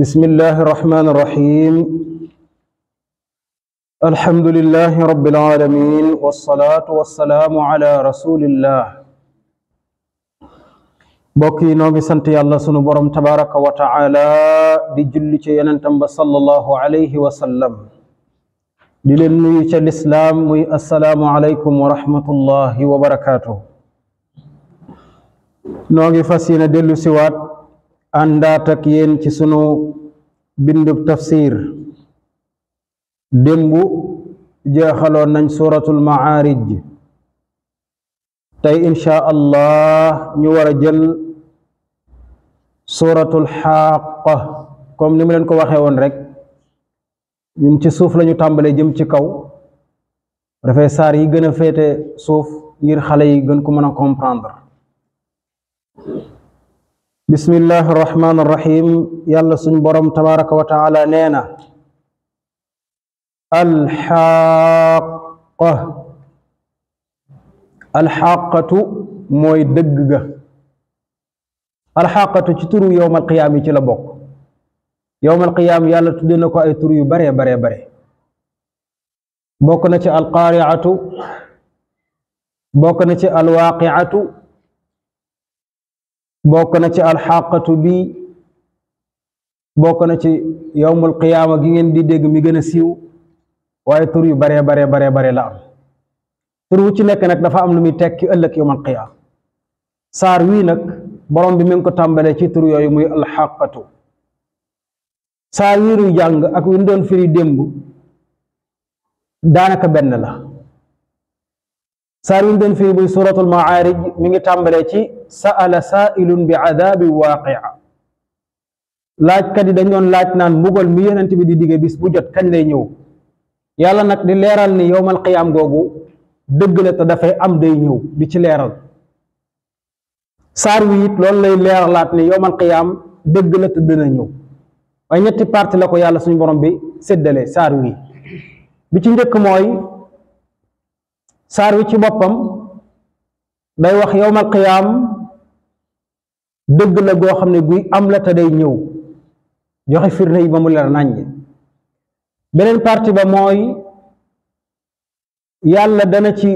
بسم الله الرحمن الرحيم الحمد لله رب العالمين والصلاة والسلام على رسول الله بوكي نوغي سنت يالله سنو بروم تبارك وتعالى دي جولي تي يننتم صلى الله عليه وسلم دي لن نوي تي الاسلام وي السلام عليكم ورحمه الله وبركاته noo ngi fas yéene dellu siwaat àndaat ak yéen ci sunu bindub tafsir démb jeexaloon nañ suuratul maarij tey insha allah ñu war a jël suuratul xaaqa comme ni mu leen ko waxee woon rek ñun ci suuf lañu tàmbalee jëm ci kaw dafay saar yi gën a féete suuf ngir xale yi gën ko mën a comprendre bismillah arrahman arrahim yàlla suñ borom tabaraka wa taala nee na alxaqa moy mooy dëgg ga alxaqatu ci turu yowm alqiyaam yi ci la bokk yowm alqiyaam yàlla tudde na ko ay tur yu baree bare bokk na ci alqaariatu bokk na ci alwaaqiatu bokk na ci alxaqatu bi bokk na ci yowmul qiyaama gi ngeen di dégg mi gën a siiw waaye tur yu baree baree baree bare la am tur wu ci nekk nag dafa am lu muy tekki ëllëg yowmal qiyaama saar wii nag borom bi mi ko tàmbalee ci tur yooyu muy alxaqatu saar wii nuy jàng ak wi doon firi démb daanaka benn la saar wi doon firi buy suratul maarij mu ngi tàmbalee ci sa'ala sa'ilun bi adabi laaj kat yi dañ doon laaj naan mbugal mi yonent bi di digge bis bu jot kañ lay ñëw yàlla nag di leeral ni yowmal qiyaam googu dëgg la te dafay am day ñëw di ci leeral saar wi it loolu lay leeralaat ni yowmal qiyaam dëgg la te dina ñëw waaye ñetti parti la ko yàlla suñu borom bi séddalee saar wi bi ci njëkk mooy saar wi ci boppam day wax yowmal qiyaam dëgg la goo xam ne guy am la te day ñëw joxe firnde yi ba mu leer nañ beneen parti ba mooy yàlla dana ci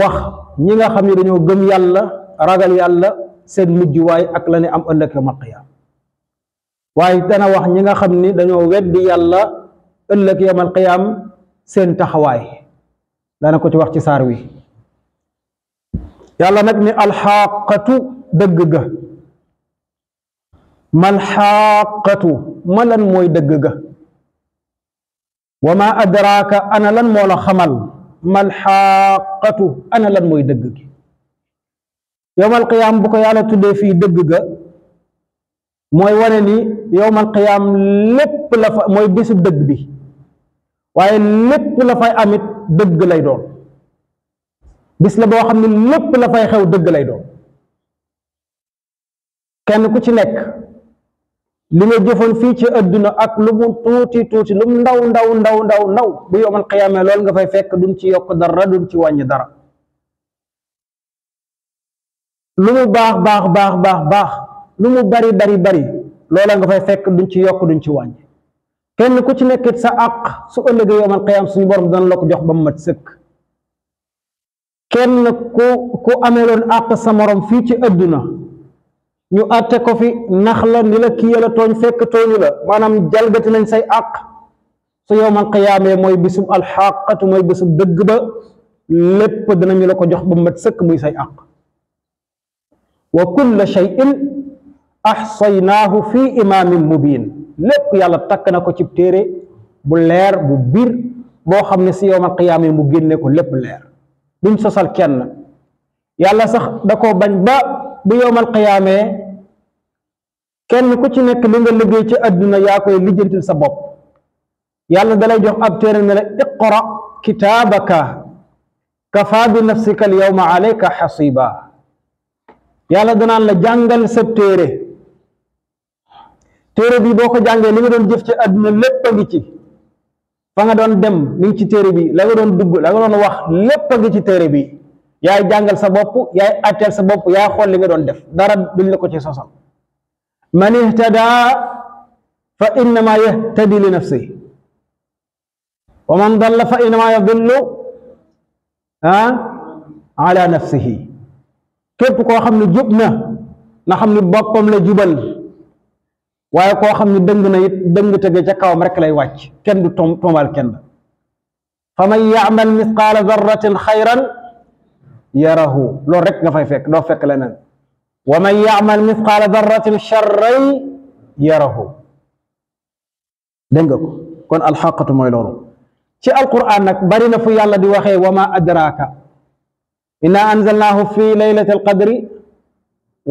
wax ñi nga xam ne dañoo gëm yàlla ragal yàlla seen mujj waay ak la ne am ëllëg yowmal qiyaam waaye dana wax ñi nga xam ni dañoo weddi yàlla ëllëg yowmal qiyaam seen taxawaay la dana ko ci wax ci saar wi yàlla nag ni alxaqatu dëgg ga malxaqatu ma lan mooy dëgg ga wa ma adraaka ana lan moo xamal xamal malxaqatu ana lan mooy dëgg gi yowmal qiyaam bu ko yàlla tuddee fi dëgg ga mooy wane ni yowmal qiyaam lépp la mooy bésub dëgg bi waaye lépp la fay amit dëgg lay doon bis la boo xam ne lépp la fay xew dëgg lay doon kenn ku ci nekk li nga jëfoon fii ci adduna ak lu mu tuuti tuuti lu mu ndaw ndaw ndaw ndaw ndaw bu yomal xiyaamee loolu nga fay fekk duñ ci yokk dara duñ ci wàññi dara lu mu baax baax baax baax baax lu mu bari bari bari loola nga fay fekk duñ ci yokk duñ ci wàññi kenn ku ci nekkit sa àq su ëllëgee yowmal qiyaam suñu borom dana la ko jox ba mu mat sëkk kenn ku ku ameeloon sa morom fii ci adduna ñu àtte ko fi nax la ni la kii la tooñ fekk tooñu la maanaam jalgati nañ say àq su yowmal qiyaamee mooy bisub alxaqatu mooy bisub dëgg ba lépp danañu la ko jox ba mat sëkk muy say àq wa kulla shay'in axsaynaahu fi imaamin mubin lépp yàlla takk na ko ci téere bu leer bu biir boo xam ne si yowmal qiyaama mu génne ko lépp leer duñ sosal kenn yàlla sax da koo bañ ba bu yowmal qiyaamee kenn ku ci nekk li nga liggéey ci àdduna yaa koy lijjantil sa bopp yàlla dalay jox ab téere ne la iqra kitaabaka kafaa bi nafsika al yowma xasiba yàlla danaan la jàngal sa téere téere bi boo ko jàngee li nga doon jëf ci àdduna lépp a ngi ci fa nga doon dem mi ngi ci téere bi la nga doon dugg la nga doon wax lépp a ngi ci téere bi yaay jàngal sa bopp yaay atteel sa bopp yaay xool li nga doon def dara duñ la ko ci sosal man ihtada fa innama yahtadi li nafsi wa fa innama yadillu képp koo xam ne jub na na xam boppam la jubal waaye koo xam ne dëng na it dëng tege ca kawam rek lay wàcc kenn du tom tombal kenn fa man yaamal misqaala darratin xayran yarahu loolu rek nga fay fekk doo fekk leneen wa man yaamal misqaala darratin charran yarahu dégg nga kon alxaqatu mooy loolu ci alquran nag bari na fu yàlla di waxe wa ma adraka inna anzalnaahu fi laylati alqadri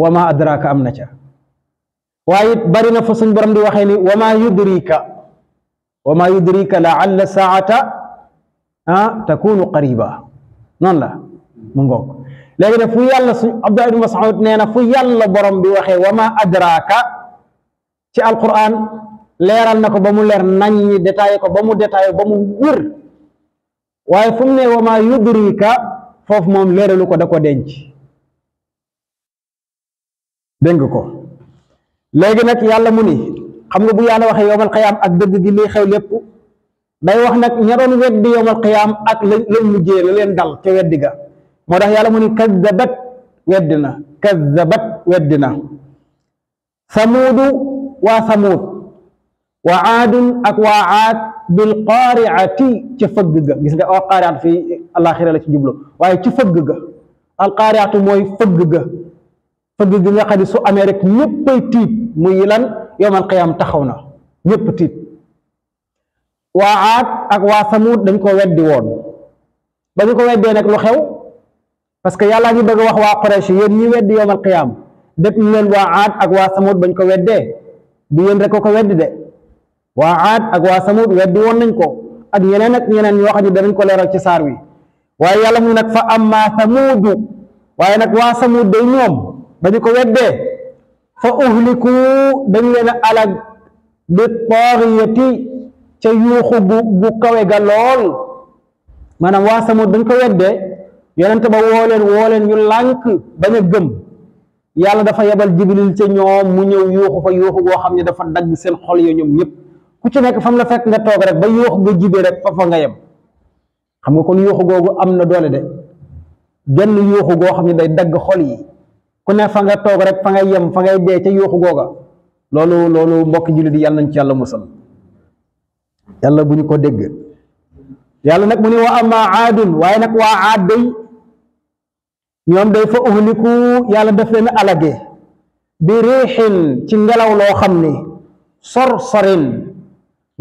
wa ma adraka am na ca waaye it bari na fa suñ borom di waxee ni wa maa yudrika wa maa yudrika laalla saata ah takunu qariba noonu la mu ngoog léegi fu yàlla suñ abdullah ibn mas'ud nee na fu yàlla borom bi waxe wa maa adraka ci alquran leeral na ko ba mu leer naññi détaillé ko ba mu détaillé ba mu wër waaye fu ne wa maa yudrika foofu moom leeralu ko da ko denc dégg ko léegi nag yàlla mu ni xam nga bu yàlla waxee yowmal xiyaam ak dëgg gi lii xew lépp day wax nag ña doon weddi yowmal xiyaam ak lañ lañ mujjee la leen dal ca weddi ga moo tax yàlla mu ni kazzabat weddi na kazzabat weddi na samuudu waa samuud waa aadun ak waa aad bil qaariati ca fëgg gis nga waa qaariat fii alaxira la ci jublu waaye ci fëgg ga alqaariatu mooy fëgg ga fëgg gi nga xam su amee rek ñëppay tiit muy lan yowmal qiyaam taxaw na ñëpp tiit waa aat ak waa samuud dañ ko weddi woon ba ñu ko weddee nag lu xew parce que yàllaa ñu bëgg wax waa Quraysh yéen ñi weddi yowmal qiyaam def ñu leen waa aat ak waa samuud bañ ko weddee du yéen rek ko ko weddi de waa aat ak waa samuud weddi woon nañ ko ak ñeneen ak yeneen ñoo xam ne danañ ko leeral ci saar wi waaye yàlla mu nag fa amma samuudu waaye nag waa samuud day ñoom ba ñu ko weddee fa uhliku dañ leen a alag bi taariyati ca yuuxu bu bu kawe ga lool maanaam waa samut dañ ko weddee yonente ba woo leen woo leen ñu lànk bañ a gëm yàlla dafa yebal jibril ca ñoom mu ñëw yuuxu fa yuuxu goo xam ne dafa dagg seen xol ya ñoom ñëpp ku ci nekk fam la fekk nga toog rek ba yuuxu nga jibee rek fa fa nga yem xam nga kon yuuxu googu am na doole de genn yuuxu goo xam ne day dagg xol yi ku ne fa nga toog rek fa ngay yem fa ngay dee ca yuuxu googa loolu mbokk jullit yi yàlla nañ ci yàlla musal ko dégg yàlla nag mu ne wa amma aadun waaye nag waa aad day ñoom day fa uhliku yàlla daf leen alage bi riixin ci ngelaw loo xam ne sor sorin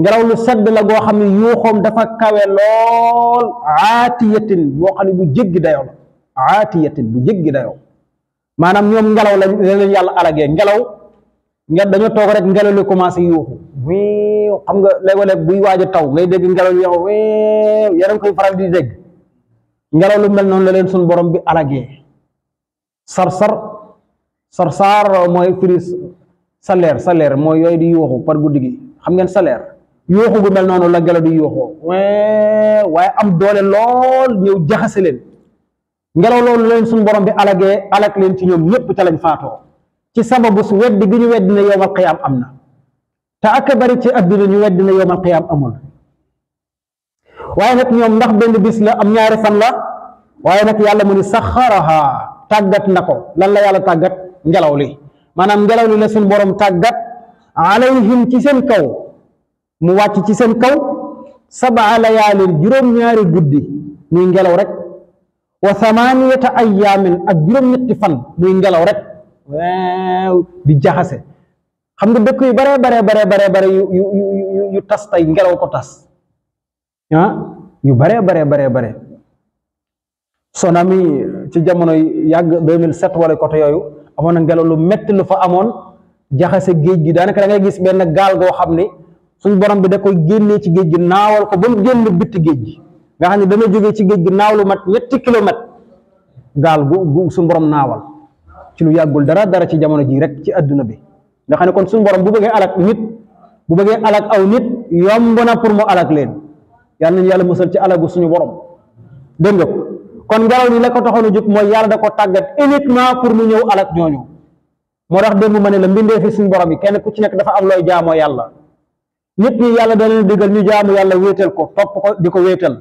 ngelaw lu sedd la goo xam ne yuuxoom dafa kawe lool aatiyatin boo xam ne bu jéggi dayoo la bu jéggi dayoo maanaam ñoom ngelaw lañ leen yàlla alagee ngelaw nga dañoo toog rek ngelaw li commencé yuuxu wiiw xam nga léeg-léeg buy waaj a taw ngay dégg ngelaw li yow lu mel noonu la leen suñu borom bi alagee sarsar sarsaar mooy firi salaire salaire mooy yooyu di yuuxu par guddi gi xam ngeen salaire yuuxu gu mel noonu la ngelaw di yuuxoo waaye am doole lool ñëw jaxase leen ngelaw loolu leen suñu borom bi alagee alag leen ci ñoom ñëpp ca lañ faatoo ci sababu su weddi gi ñu weddi ne yowmal qiyaam am na te ak bari ci adduna ñu weddi ne yowmal qiyaam amul waaye nag ñoom ndax benn bis la am ñaari fan la waaye nag yàlla mu sax saxaraha tàggat na ko lan la yàlla tàggat ngelaw li maanaam ngelaw li la suñu borom tàggat alayhim ci seen kaw mu wàcc ci seen kaw sabaa layaalin juróom-ñaari guddi muy ngelaw rek wa thamaniyata ayaamin ak juróom-ñetti fan muy ngelaw rek waaw di jaxase xam nga dëkk yu baree baree baree bare yu yu yu yu tas tey ngelaw ko tas ah yu baree baree baree bare tsunami ci jamono yàgg 2007 wala côté yooyu amoon na ngelaw lu metti lu fa amoon jaxase géej gi daanaka dangay gis benn gaal goo xam ni suñ borom bi da koy génnee ci géej gi naawal ko ba mu génn bitti géej gi nga xam ne dana jóge ci géej gi naaw lu mat ñetti kilomètre gaal gu gu suñu borom naawal ci lu yàggul dara dara ci jamono ji rek ci àdduna bi nga xam ne kon suñu borom bu bëggee alak nit bu bëggee alak aw nit yomb na pour mu alak leen yàlla nañu yàlla musal ci alagu suñu borom dégg nga ko kon ngelaw li la ko taxoon a jóg mooy yàlla da ko tàggat uniquement pour mu ñëw alak ñooñu moo tax démb ma ne la mbindee fi suñu borom yi kenn ku ci nekk dafa am looy jaamoo yàlla nit ñi yàlla da leen digal ñu jaamu yàlla wéetal ko topp ko di ko wéetal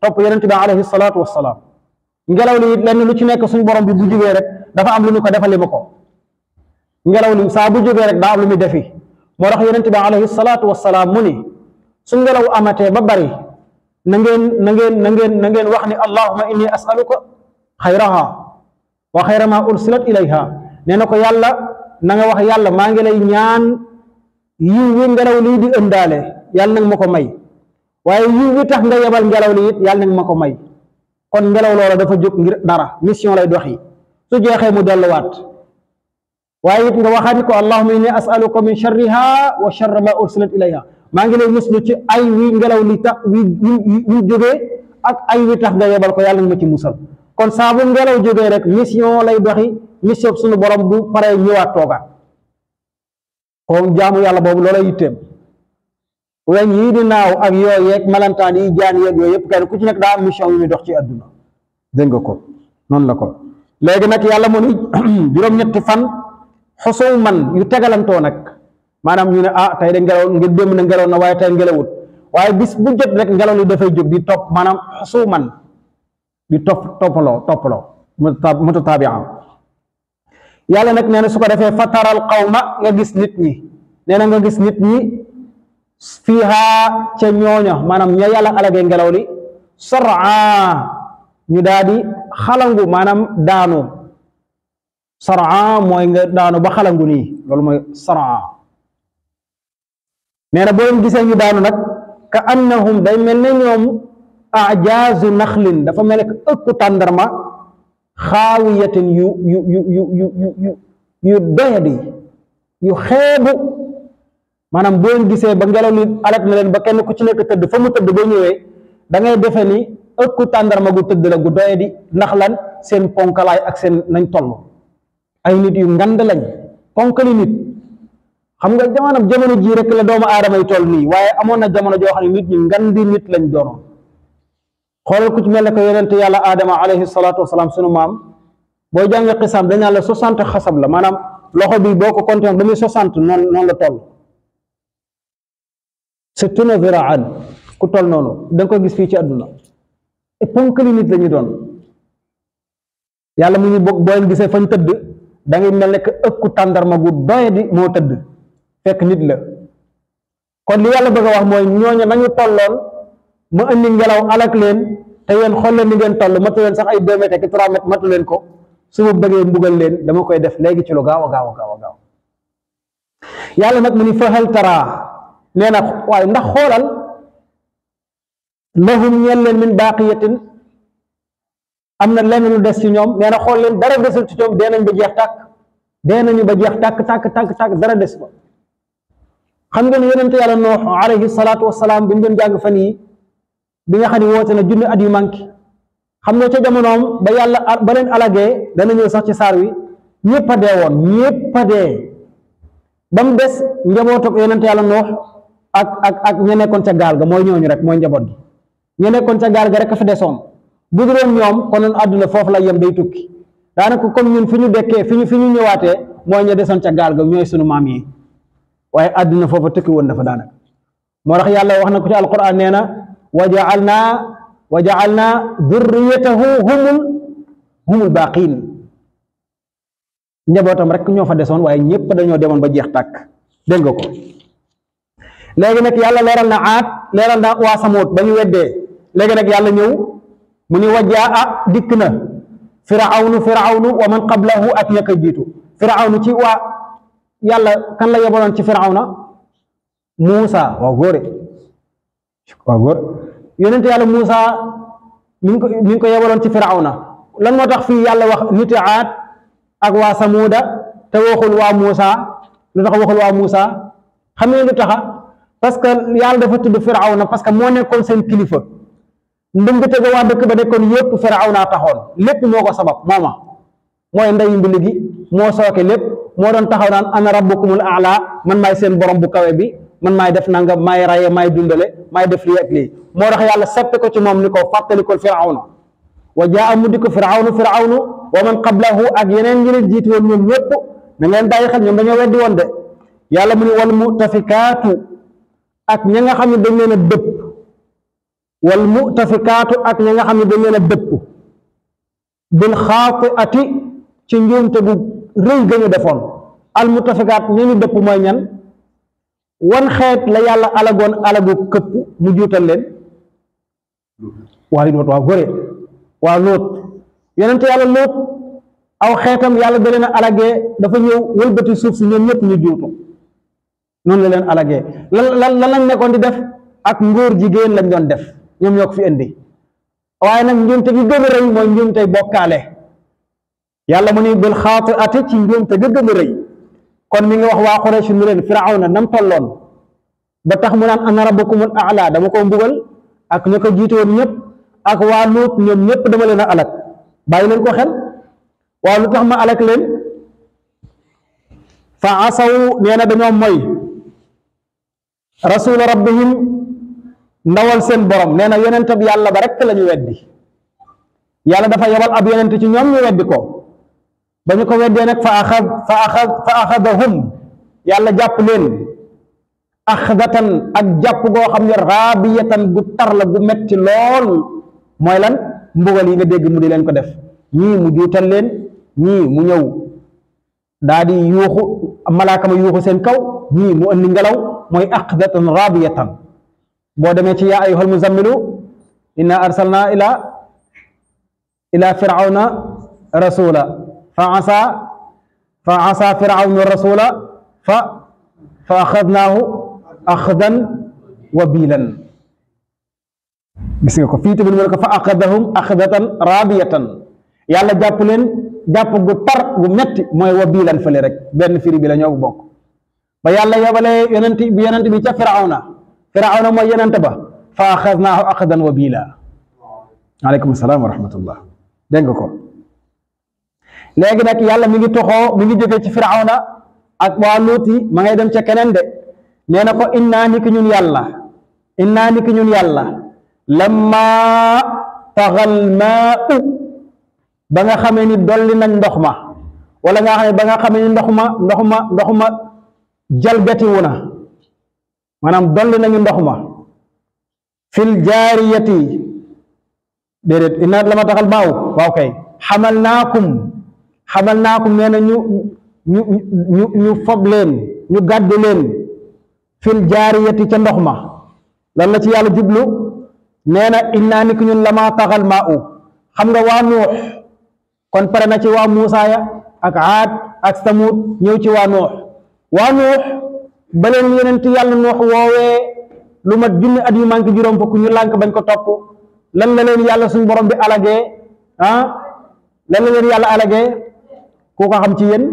topp yonent bi alayhi salaatu wassalaam ngelaw li it lenn lu ci nekk suñ borom bi bu jógee rek dafa am lu ñu ko defalee ma ko ngelaw li saa bu jógee rek daa am lu muy defi moo rax yonent bi alayhi salaatu wassalaam mu ni su ngelaw amatee ba bari na ngeen nangeen ngeen na ngeen na wax ni allahuma inni asaluka xayraha wa xayra ma ursilat ilayha nee na ko yàlla na nga wax yàlla maa ngi lay ñaan yiw wi ngelaw lii di ëndaale yàlla nag ma ko may waaye yiw bi tax nga yebal ngelaw li it yàlla na ma ko may kon ngelaw loola dafa jóg ngir dara mission lay doxi su jeexee mu delluwaat waaye it nga waxaat ni ko allahumma inni as'aluka min sharriha wa sharri ma ursilat ilayha maa ngi lay muslu ci ay wi ngelaw li tax wi wi jógee ak ay wi tax nga yebal ko yàlla na ma ci musal kon saa bu ngelaw jógee rek mission lay doxi mission suñu borom bu paree ñëwaat toogaat kon jaamu yàlla boobu loola yitteem weñ yii di naaw ak yooyu yeeg malantaan yi yëpp kenn ku ci nekk daa am mission yu muy dox ci àdduna dégg ko noonu la ko léegi nag yàlla mu ni juróom-ñetti fan xosoo man yu tegalantoo nag maanaam ñu ne ah tey de ngelaw ngir démb na ngelaw na waaye tey ngelawut waaye bis bu jot rek ngelaw li dafay jóg di topp maanaam xosoo man di topp toppaloo toppaloo muta tabiam yàlla nag nee na su ko defee fataral xawma nga gis nit ñi nee na nga gis nit ñi fiha ca ñooña maanaam ña yàlla alage ngelaw li saraa ñu daal xalangu maanaam daanu saraa mooy nga daanu ba xalangu nii loolu mooy saraa nee na boo leen gisee ñu daanu nag ka annahum day mel ne ñoom ajaazu naxlin dafa mel ne ëkku tàndarma xaawiyatin yu yu yu yu yu yu doyadi yu xeebu maanaam boo gisee ba ngelaw li alat na leen ba kenn ku ci nekk tëdd fa mu tëdd boo ñëwee da ngay defe ni ëkku tàndarma gu tëdd la gu doye di ndax lan seen ponkalaay ak seen nañ toll ay nit yu ngand lañ ponkali nit xam nga jamono jamono jii rek la doomu aadama yi toll nii waaye amoon na jamono joo xam ne nit ñi ngandi nit lañ doonoon xoolal ku ci mel ne ko yonente yàlla aadama alayhi salaatu salaam sunu maam boo jàngee xisaam dañ naan la soixante xasab la maanaam loxo bi boo ko compté ba muy soixante noonu noonu la toll sittuna ziraan ku tol noonu da nga ko gis fii ci àdduna ponkali nit la doon yàlla mu ñu boo leen gisee fan tëdd da ngay mel ne que ëkku tàndarma gu doye di moo tëdd fekk nit la kon li yàlla bëgg a wax mooy ñooñu nañu tolloon mu indi ngelaw alak leen te yéen xool leen ni ngeen toll matu leen sax ay deux mètres ak trois matu leen ko su ma bëggee mbugal leen dama koy def léegi ci lu gaaw a gaawa a yàlla nag mu ni fahal taraa nee na waaye ndax xoolal lahum ñeen leen min baaqiyatin am na lenn lu des ci ñoom nee na xool leen dara desul ci ñoom beneen nañ ba jeex tàkk dee nañu ba jeex tàkk tàkk tàkk tàkk dara des ko xam nga ngeen yonente yàlla noox alayhi salaatu wasalaam bi ñu jàng fan yi bi nga xam ne woote na junni at yu xam nga ca jamonoom ba yàlla ba leen alagee dana ñëw sax ci saar wi ñëpp a dee woon ñëpp a dee ba mu des njabootu yonente yàlla noox ak ak ak ña nekkoon ca gaal ga mooy ñooñu rek mooy njaboot gi ña nekkoon ca gaal ga rek a fi desoon bu dul woon ñoom konoon àdduna foofu la yem day tukki daanaka comme ñun fi ñu dekkee fi ñu fi ñu ñëwaatee mooy ña desoon ca gaal ga ñooy sunu maam yi waaye àdduna foofa tukki woon na fa daana moo tax yàlla wax na ko ci alquran nee na wa jaal naa wa jaal naa durriyatahu humul humul baaqiin njabootam rek ñoo fa desoon waaye ñëpp dañoo demoon ba jeex tàkk dégg nga ko léegi nag yàlla leeral na aat leeral na waa samuut ba ñu weddee léegi nag yàlla ñëw mu ni wajaa a dikk na firawnu firawnu wa man qablahu ak ña ko jiitu firawnu ci waa yàlla kan la yebaloon ci firawna muusa waaw góore waaw góor yàlla muusa mi ko mi ngi ko yebaloon ci firawna lan moo tax fii yàlla wax niti aat ak waa samuuda te waxul waa muusa lu tax waxul waa muusa xam ne lu taxa parce que yàlla dafa tudd firawna parce que moo nekkoon seen kilifa ndëm ga tega waa dëkk ba nekkoon yëpp firawna taxoon lépp moo ko sabab mooma mooy ndeyu mbili gi moo sooke lépp moo doon taxaw naan ana rabbukumul aala man maay seen borom bu kawe bi man maay def nangam maay raye maay dundale maay def lii ak lii moo tax yàlla seppi ko ci moom ni ko fàttalikul firawna wa jaa mu di ko firawnu firawnu wa man qablahu ak yeneen ñi leen na ngeen bàyyi xel ñoom dañoo weddi woon de yàlla mu ni wal ak ña nga xam ne dañ leen a dëpp wal mutafikaatu ak ña nga xam ne dañ leen a dëpp bil xaati ati ci njuumte gu rëy ga defoon al mutafikaat ña ñu dëpp mooy ñan wan xeet la yàlla alagoon alagu këpp mu juutal leen waaye loot waa góore waa loot yonente yàlla loot aw xeetam yàlla da leen a alagee dafa ñëw wëlbati suuf su ñoom ñëpp ñu juutu noonu la leen alagee la la la lañ nekkoon di def ak ngóor jigéen lañ doon def ñoom ñoo ko fi indi waaye nag njuumte gi gën a yàlla mu ni bil xaatiati ci njuumte gi a rëy kon mi nga wax waa Quraysh ni leen na nam tolloon ba tax mu naan ana rabbukumul a'la dama koo mbugal ak ña ko jiitoon ñëpp ak waa Luut ñoom ñëpp dama leen a alak bàyyi leen ko xel waaw lu tax ma alak leen fa asaw nee na dañoo moy rasula rabbihim ndawal seen borom nee na yonentab yàlla ba rekk la ñu weddi yàlla dafa yebal ab yonent ci ñoom ñu weddi ko ba ñu ko weddee nag fa axad fa axad fa axadahum yàlla jàpp leen axdatan ak jàpp goo xam ne raabiyatan gu tar la gu metti lool mooy lan mbugal yi nga dégg mu di leen ko def ñii mu juutal leen ñii mu ñëw daa di yuuxu malaaka ma yuuxu seen kaw ñii mu andi ngelaw mooy axdatan raabiyatan boo demee ci yaa ayyuhal muzammilu inna arsalna ila ila firawna rasula fa asa fa asa firawna rasula fa fa axadnaahu axdan wabilan gis nga ko fii tamit mu ne ko fa axadahum axdatan raabiyatan yàlla jàpp leen jàpp gu tar gu metti mooy wabilan fële rek benn firi bi la ñoo bokk ba yàlla yobalee yonent bi yonent bi ca firawna firawna mooy yonent ba fa axadnaahu axdan wa bila aleykum salaam wa rahmatullah dégg ko léegi nag yàlla mi ngi toxoo mi ngi jógee ci firawna ak waa luuti ma ngay dem ca keneen de nee na ko innaa niki ñun yàlla innaa niki ñun yàlla lamma taxal maa u ba nga xamee ni dolli nañ ndox ma wala ba nga xamee ni ndox ma ndox ma ndox ma jalgatiwu na maanaam dolli nañu ndox ma fil jaariyati déedéet inna la taxal baaw waaw kay xamal naakum xamal naakum nee na ñu ñu ñu ñu fob ñu gàddu leen fil jaariyati ca ndox ma lan la ci yàlla jublu nee na innaa niki ñun la ma taxal maa xam nga waa nuux kon pare na ci waa Muusa ya ak Aad ak Samud ñëw ci waa nuux waa nuux ba leen yonent yàlla nuux woowee lu mat junni at yu manqué juróom fukk ñu lànk bañ ko topp lan la leen yàlla suñ borom bi alagee ah lan la leen yàlla alagee ku ko xam ci yéen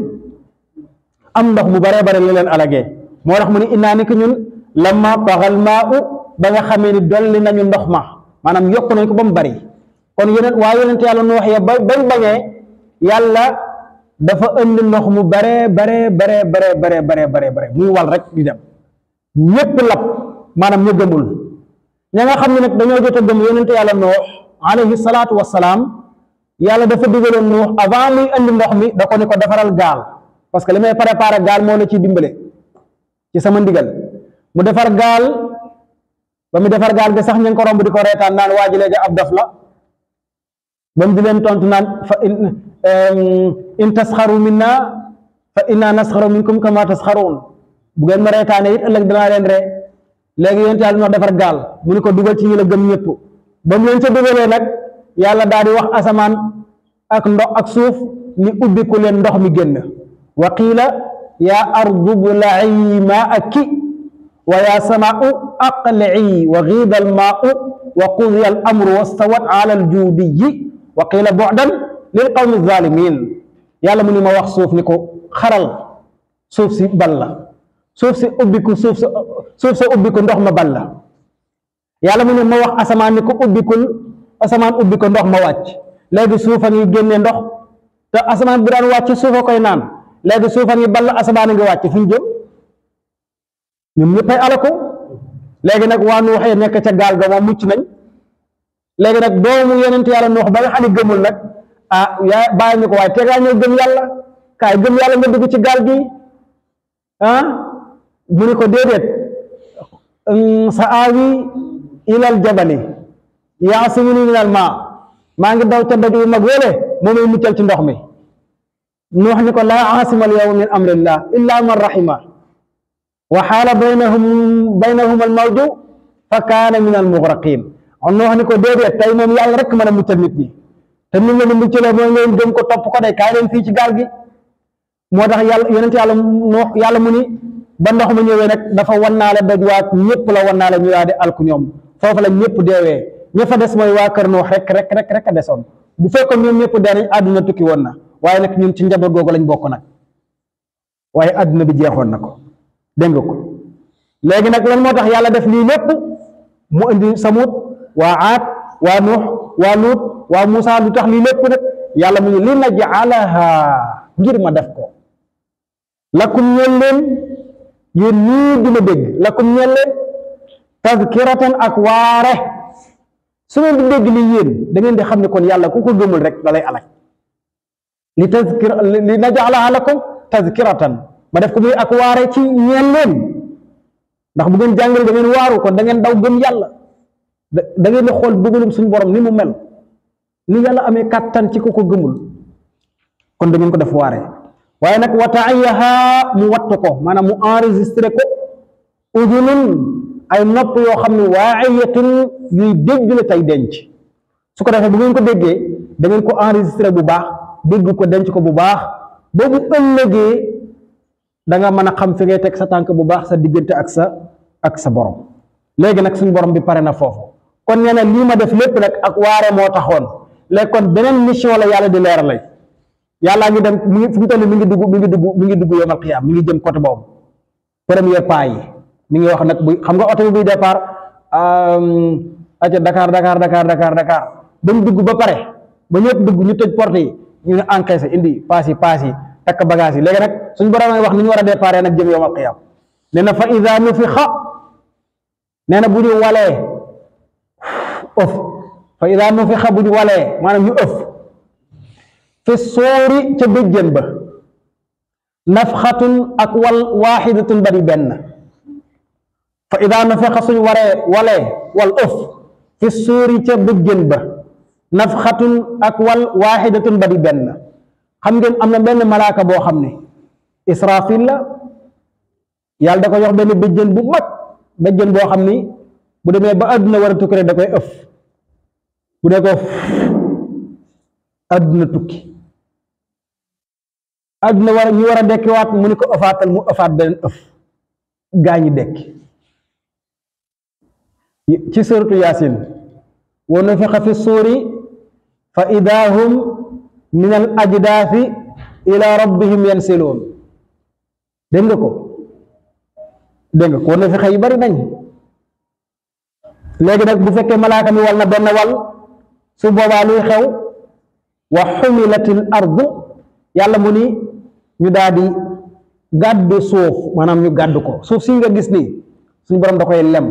am ndox mu baree bare la leen alagee moo tax mu ne innaa nekk ñun lamma baxal maa u ba nga xamee ni dolli nañu ndox ma maanaam yokk nañ ko ba mu bari kon yeneen waa yonent yàlla nuux ya ba bañ bañee yàlla dafa ënd ndox mu baree baree baree baree bare baree bare baree muy wal rek di dem ñépp lab maanaam ñu gëmul ña nga xam ne nag dañoo jot a gëm yonente yàlla noox alayhi salaatu wassalaam yàlla dafa digaloon noox avant muy andi ndox mi da ko ne ko defaral gaal parce que li may préparé gaal moo la ciy dimbale ci sama ndigal mu defar gaal ba mu defar gaal gi sax ñu ngi ko romb di ko reetaan naan waajilee ga ab daf la ba mu di leen tontu naan fa in tasxaru minna fa inna nasxaru minkum kama tasxaruun bu ngeen ma reetaane it ëllëg danaa leen ree léegi yonent yàlla mu defar gaal mu ni ko dugal ci ñi la gëm ñëpp ba mu leen ca dugalee nag yàlla daal di wax asamaan ak ndox ak suuf ni ubbiku leen ndox mi génn wa qiila yaa ardu bulai maaki wa yaa samaau aqlii wa xiida almaau wa qudiya al amru wastawat ala aljuudiyi wa qiila bu'dan lil qawmi zalimin yàlla mu ni ma wax suuf ni ko xaral suuf si bal la suuf si ubbiku suuf sa suuf sa ndox ma bal la yàlla mu ne ma wax asamaan ni ko ubbikul asamaan ubbi ko ndox ma wàcc léegi suuf a ngi génne ndox te asamaan bi daan wàcc suuf a koy naan léegi suuf a ngi ball asamaan a ngi wàcc fu ñu jëm ñun alako léegi nag waa Nuux nekk ca gaal ga moom mucc nañ léegi nag doomu yonent yàlla Nuux ba nga xam ne gëmul nag ah yaa bàyyi ñu ko waaye tegaa ñëw gëm yàlla gëm yàlla nga dugg ci gaal gi ah ni ko déedéet sa aawi ilal jabali yaasimuni minal maa maa ngi daw ca doj wu mu wéle moo may muccal ci ndox mi nu wax ni ko laa aasimal yowma min amrillah illa man rahima wa xaala baynahum baynahum al mawju fa kaana min al mugraqin nu wax ni ko déedéet tey moom yàlla rek mën a muccal te mu leen mucc la mooy ngeen gëm ko topp ko de kaay leen fii ci gaal gi moo tax yàlla yonent yàlla noo yàlla mu ni ba ndox mu ñëwee nag dafa wannaale doj waa ñëpp la wannaale ñu yaa di alku ñoom foofu la ñëpp deewee ña des mooy waa kër noox rek rek rek rek a desoon bu fekkoon ñoom ñëpp dee nañ tukki woon na waaye nag ñun ci njaboot googu lañ bokk nag waaye àdduna bi jeexoon na ko dégg ko léegi nag lan moo tax yàlla def lii lépp mu indi samut waa aat waa nuux waa luut waa Moussa lu tax lii lépp nag yàlla mu ne li najalaha ngir ma def ko lakum ñeel leen yéen ñii di ma dégg lakum ñeel leen tazkiratan ak waare su ngeen di dégg lii yéen da ngeen di xam ne kon yàlla ku ko gëmul rek da lay alak li tazkir li najalaha lakum tazkiratan ma def ko muy ak waare ci ñeel ndax bu ngeen jàngal da ngeen waaru kon da ngeen daw gëm yàlla da ngeen di xool bëggalum suñu borom ni mu mel ni yàlla amee kàttan ci ku ko gëmul kon da ko def waare waaye nag wataayaha mu wattu ko maanaam mu enregistré ko udunun ay nopp yoo xam ne waayatun yuy dégg la tey denc su ko defee bu ngeen ko déggee da ngeen ko enregistré bu baax dégg ko denc ko bu baax boobu ëllëgee da nga mën a xam fi ngay teg sa tànk bu baax sa diggante ak sa ak sa borom léegi nag suñu borom bi pare na foofu kon nee na lii ma def lépp nag ak waare moo taxoon léegi kon beneen mission la yàlla di leeralay yàllaa ngi dem mu ngi fu mu toll mi ngi dugg mi ngi dugg mi ngi dugg yomal xiyaam mi ngi jëm côté boobu premier pas mi ngi wax nag bu xam nga oto bi buy départ euh, aca Dakar Dakar Dakar dakaar Dakar dañ dugg ba pare ba ñëpp dugg ñu tëj porte yi ñu ne encaissé indi paas yi paas yi takk bagage yi léegi nag suñ borom wax ni ñu war a départ nag jëm yomal xiyaam nee na fa iza nufixa nee na bu ñu walee ëf fa idaa nufixa bu ñu walee maanaam ñu ëf fi sóori ca béjjén ba nafxatun ak wal waaxidatun bari benn fa idaa nufixa suñ waree walee wal ëf fi sóori ca béjjén ba nafxatun ak wal waaxidatun bari benn xam ngeen am na benn malaaka boo xam ne israfil la yàlla da ko jox benn béjjén bu mag béjjén boo xam ni bu demee ba àdduna war a tukki da koy ëf ku ne ko tukki àdduna war ñu war a dekkiwaat mu ni ko ëfaatal mu ëfaat beneen ëf gaa ñi ci suratu yaasin wa nufixa fi suuri fa idaa hum min al ajdaafi ila rabbihim yansiloon dégg nga ko dégg nga ko wa nufixa yi bari nañ léegi nag bu fekkee malaaka wal na benn wal su boobaa luy xew wa xumilatil ardu yàlla mu ni ñu daal di gàddu suuf maanaam ñu gàddu ko suuf si nga gis nii suñ borom da koy lem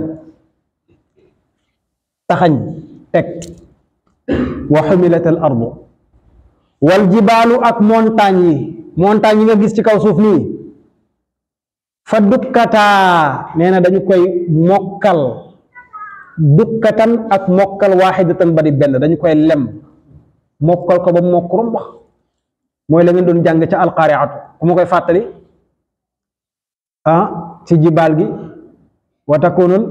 taxañ teg wa xumilatil ardu wal jibaalu ak montagne yi montagne yi nga gis ci kaw suuf nii fa dukkataa nee na dañu koy mokkal dukkatan ak mokkal waaxidatan bari benn dañu koy lem mokkal ko ba mokk rumbax mooy la ngeen doon jàng ca alqaariatu ku ma koy fàttali ah ci jibaal gi wa takunul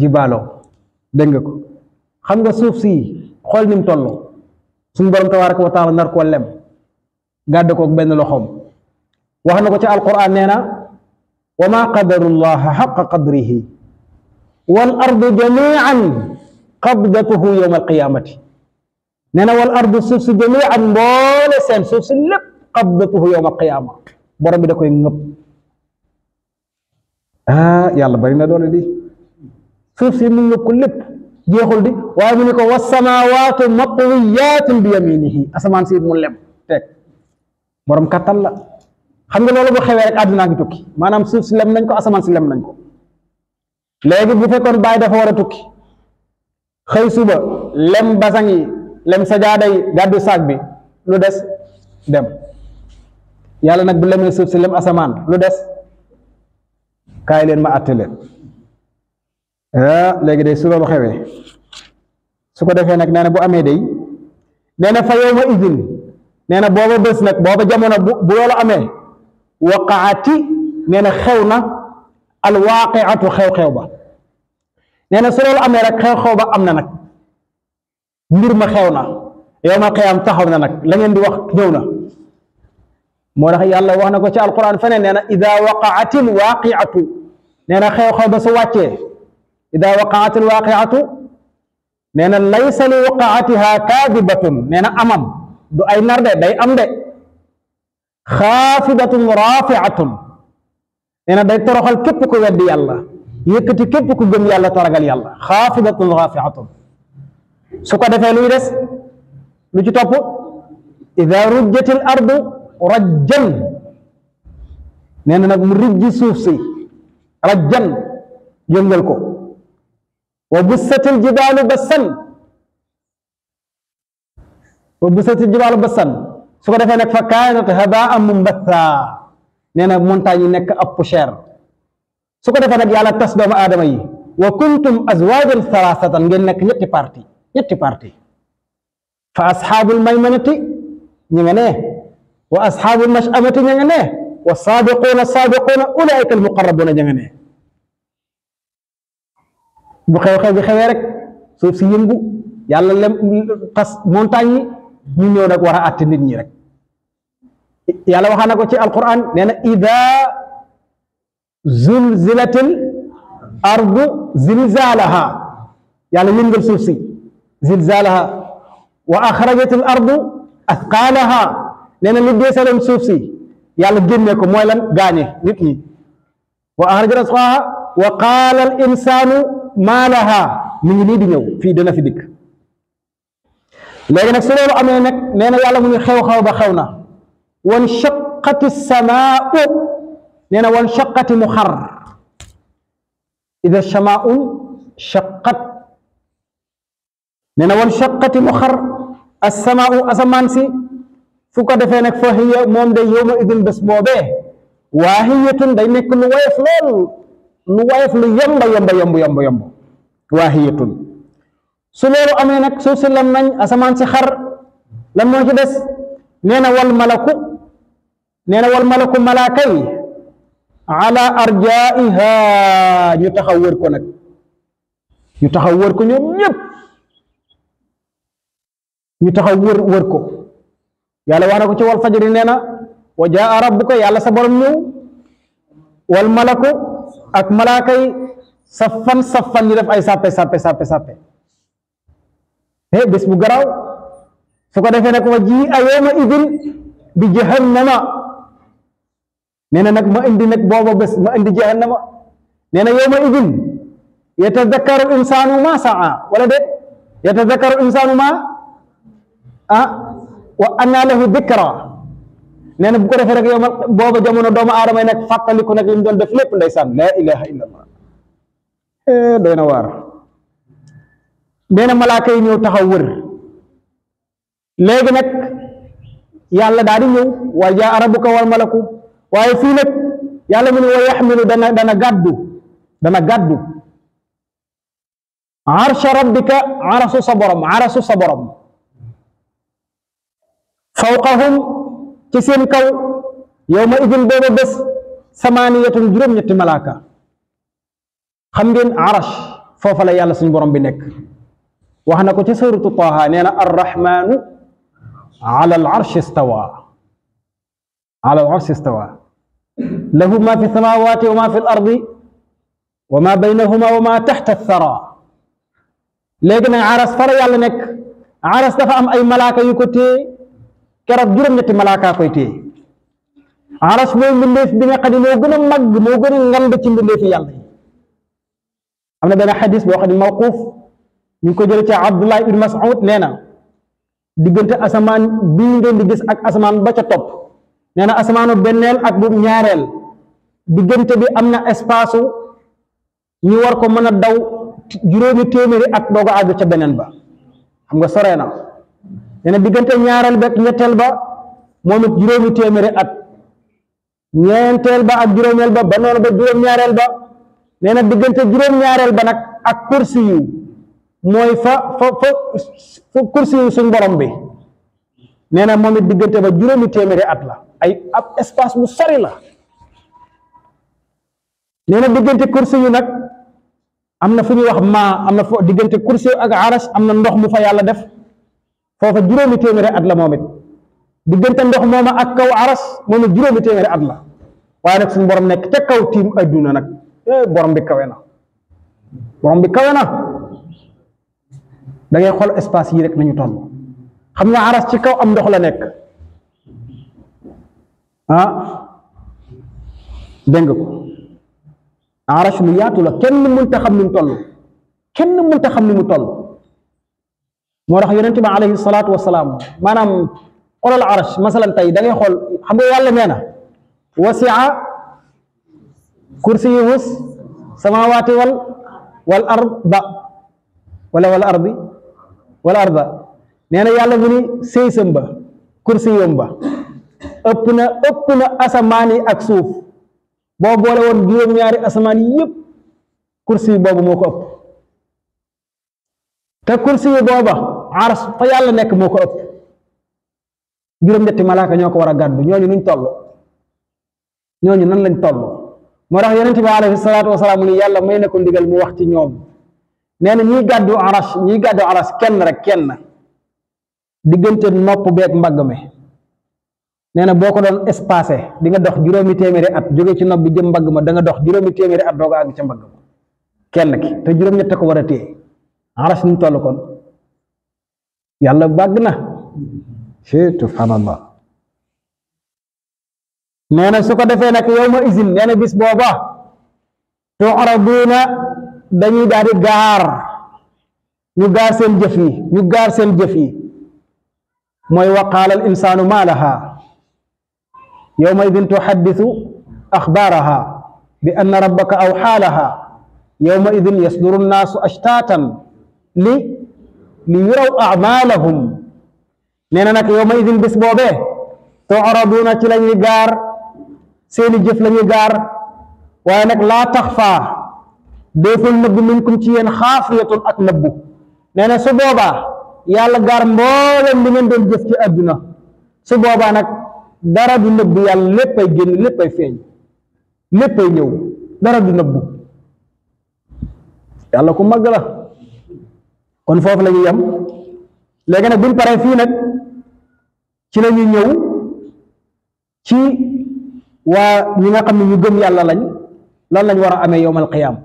jibaaloo dégg nga ko xam nga suuf si xool ni mu toll suñu borom tabaaraka wa taala nar koo lem gàdd koog benn loxoom wax na ko ca alquraan nee na wa maa qadarullaha xaqa qadrihi wal ardu jamian qabdatuhu yowma alqiyamati nee na wal ardu suuf si jamian mboole seen suuf si lépp qabdatuhu yowma alqiyama borom bi da koy ngëb ah yàlla bari na doole di suuf si mu ngëb ko lépp jeexul di waaye mu ne ko wasamaawaatu matwiyaatun bi yaminihi asamaan si mu lem teg borom kattan la xam nga loolu bu xewee rek àddunaa ngi tukki maanaam suuf si lem nañ ko asamaan si lem nañ ko léegi bu fekkoon baay dafa war a tukki xëy suba lem basang lem sajaada yi gàddu saag bi lu des dem yàlla nag bu lemee suuf si lem asamaan lu des kaay leen ma àtte leen ah léegi de su loolu xewee su ko defee nag nee bu amee day nee na fa yawma idin nee na booba bés nag booba jamono bu loolu amee waqaati nee na xew na alwaaqiatu xew-xew ba nee na su loolu amee rek xew-xew ba am na nag mbir ma xew na yowmal qiyaam taxaw na nag la ngeen di wax ñëw na moo tax yàlla wax na ko ci alquran feneen nee na ida waqaatil waaqiatu nee na xew-xew ba su wàccee ida waqaatil waaqiatu nee na laysa li waqaatiha kaadibatun nee na amam du ay nar de day am de xaafidatun raafiatun nee na day toroxal képp ku weddi yàlla yëkkati képp ku gëm yàlla taragal yàlla xaafidatun raafiatun su ko defee luy des lu ci topp ida rujjatil ardu rajjan nee na nag mu rijji suuf si rajjan yëngal ko wa bussatil jibaalu bassan wa bussatil jibaalu bassan su ko defee nag fa kaanat habaa am mumbatha nee na montagne yi nekk ab poussière su ko defee nag yàlla tas doomu aadama yi wa kuntum azwaajan salaasatan ngeen nekk ñetti parti ñetti parti fa asxaabul maymanati ñi nga ne wa asxaabul mashamati ña ne wa saabiquuna saabiquuna ulaayka almuqarrabuuna ña nga ne bu xew-xew bi xewee rek suuf si yëngu yàlla lem tas montagne yi ñu ñëw nag war a àtte ñi rek yàlla waxaa na ko ci alquran nee na ida zulzilatil ardu zilzalaha yàlla yëngal suuf si zilzalaha wa axrajatil ardu athqalaha nee na li deesaloon suuf si yàlla génne ko mooy lan gaañe nit ñi wa axrajat asqaha wa qaala al insaanu maa laha mi ngi nii di ñëw fii dana fi dikk léegi nag su loolu amee nag nee na yàlla mu ngi xew-xew ba xew na wan shaqati samaau nee na wan shaqati mu xar ida samaun shaqat nee na wan shaqati mu xar asamaau asamaan si fu ko defee nag fa hiya moom day yowma idin bés boobee waahiyatun day nekk lu woyof lool lu woyof lu yomba yomba yomb yomb waahiyatun su loolu amee nag si lam asamaan si xar lan ci des nee na wal malaku nee na wal malaku malaaka yi ñu taxaw wër ko nag ñu taxaw wër ko ñoom ñëpp ñu taxaw wër wër ko yàlla wax na ko ci wal fajri nee na wa jaa rabbuka yàlla sa borom ñëw wal malaku ak malaaka yi safan safan ñu def ay sàppe sàppe sàppe sàppe eh garaaw su ko defee nag wa ji a yawma idin bi jahannama nee na nag ma indi nag booba bés ma indi jahannama nee na idin yatadakkaru insaanu ma saa wala de yatadakkaru insaanu ma ah wa anna na bu ko defee rek yow jamono doomu aadama nag fàttaliku nag li doon def lépp ndeysaan la ilaha illa allah doy na waar nee yàlla daal di wa jaa malaku waaye fii nag yàlla mu ne wa yaxmilu dana dana gàddu dana gàddu arsha rabbika arasu sa borom arasu sa borom fawqahum ci seen kaw yowma idin booba bés samaaniyatun juróom-ñetti malaaka xam ngeen arash foofa la yàlla suñu borom bi nekk wax na ko ci suratu Taha nee na arrahmanu ala al arsh istawa ala al arsh istawa lahu ma fi samawati wa ma fi l ardi wa ma baynahuma wa ma taxta thara léegi nag aras fara yàlla nekk aras dafa am ay malaaka yu ko téye keroog juróom-ñetti malaakaa koy téye aras mooy mbindeef bi nga xam ne moo gën a màgg moo gën a ngand ci mbindeefi yàlla yi am na benn xadis boo xam ne mawquuf ñu ngi ko jële ci abdullah ibn mas'ud nee na diggante asamaan bi ñu doon di gis ak asamaan ba ca nee na asamaanu benneel ak bu ñaareel diggante bi am na espace ñu war ko mën a daw juróomi téeméeri at doog a àgg ca beneen ba xam nga soree na nee diggante ñaareel ba ak ñetteel ba moom it juróomi téeméeri at ak juróomeel ba ba ba juróom-ñaareel ba nee na diggante juróom-ñaareel ba nag ak kursi yu mooy fa fa fa kursi yu suñ borom bi nee na moom it diggante ba juróomi téeméeri at la ay ab espace bu sori la nee na diggante kursi yu nag am na fu ñuy wax maa am na fo diggante kursi ak arash am na ndox mu fa yàlla def foofu juróomi téeméeri at la moom it diggante ndox mooma ak kaw arash moom it juróomi téeméeri at la waaye nag suñu borom nekk ca kaw tiim adduna nag eh, borom bi kawe na borom bi kawe na da xool espace yi rek nañu toll xam nga aras ci kaw am ndox la nekk ah dégg nga ko arash lu yaatu la kenn mënta xam ni mu toll kenn mënta xam ni mu toll moo tax yonent bi alayhi salaatu wasalaam maanaam xoolal arash masalan tey da ngay xool xam nga yàlla nee na wasia kursiyuhus samawaati wal wal arba wala wal arbi wal arba nee na yàlla mu ni séysam ba kursiyam ba ëpp na ëpp na asamaan yi ak suuf boo boole woon juróom-ñaari asamaan yi yëpp kursi boobu moo ko ëpp te kursi yi booba aras fa yàlla nekk moo ko ëpp juróom-ñetti malaaka ñoo ko war a gàddu ñooñu nuñ toll ñooñu nan lañ toll moo tax yonent bi alayhi salaatu wasalaam ni yàlla may na ko ndigal mu wax ci ñoom nee na ñiy gàddu aras ñiy gàddu aras kenn rek kenn diggante nopp beeg mbagg mi nee na boo ko doon espace di nga dox juróomi téeméeri at jóge ci nopp bi jëm mbagg ma da dox juróomi téeméeri at dooga àgg ca mbagg ma kenn ki te juróom-ñett ko war a téye aras ni mu toll kon bàgg na subhanallah na su ko defee nag yow ma usine nee na bis dañuy daal di gaar ñu gaar seen jëf yi ñu gaar seen jëf yi mooy waqaala al insaanu maa lahaa yowma idin tuxaddisu axbaaraha bi anna rabbaka awxaa laha yowma idin yasduru nnaasu ashtaatan li li yuraw acmaalahum nee na nag yowma idin bis boobee tucraduuna ci la ñuy gaar seeni jëf la ñuy gaar waaye nag laa taxfaa déeful nëbbu minkum ci yéen xaafiyatun ak nëbbu nee na su boobaa yàlla gaar mboolem li ngeen doon jëf ci àdduna su boobaa nag dara du nëbb yàlla lépp ay génn lépp ay feeñ lépp ay ñëw dara du nëbbu yàlla ku màgg la kon foofu la ñu yem léegi nag buñ paree fii nag ci la ñu ñëw ci waa ñi nga xam ne ñu gëm yàlla lañ loolu lañ war a amee yowmal qiyaam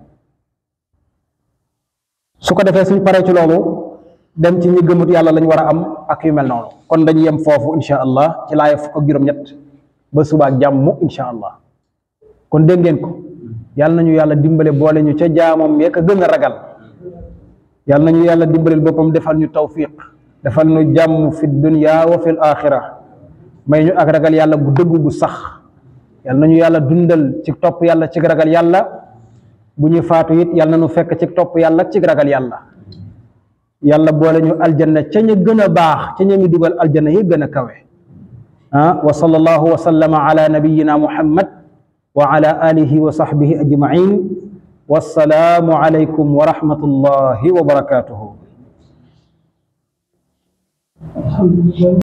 su ko defee suñ paree ci loolu dem ci ñi gëmut yàlla lañu war a am ak yu mel noonu kon dañu yem foofu incha allah ci laaya fukk ak juróom-ñett ba suba ak jàmm incha allah kon dégg ngeen ko yàlla nañu yàlla dimbale boole ñu ca jaamam yekk a gën a yàlla nañu yàlla dimbaleel boppam defal ñu tawfiq defal ñu jàmm fi dunya wa fil axira may ñu ak ragal yàlla bu dëgg bu sax yàlla ñu yàlla dundal ci topp yàlla ci ragal yàlla bu ñuy faatu it yàlla na ñu fekk ci topp yàlla ci ragal yàlla yàlla boole ñu aljanna ca ña gën a baax ca ña ngi dugal aljanna yi gën a kawe ah wa sallallahu wa sallama ala nabiyina muhammad wa ala alihi wa sahbihi ajmain wassalaamu alaykum wa rahmatullahi wa barakatuhu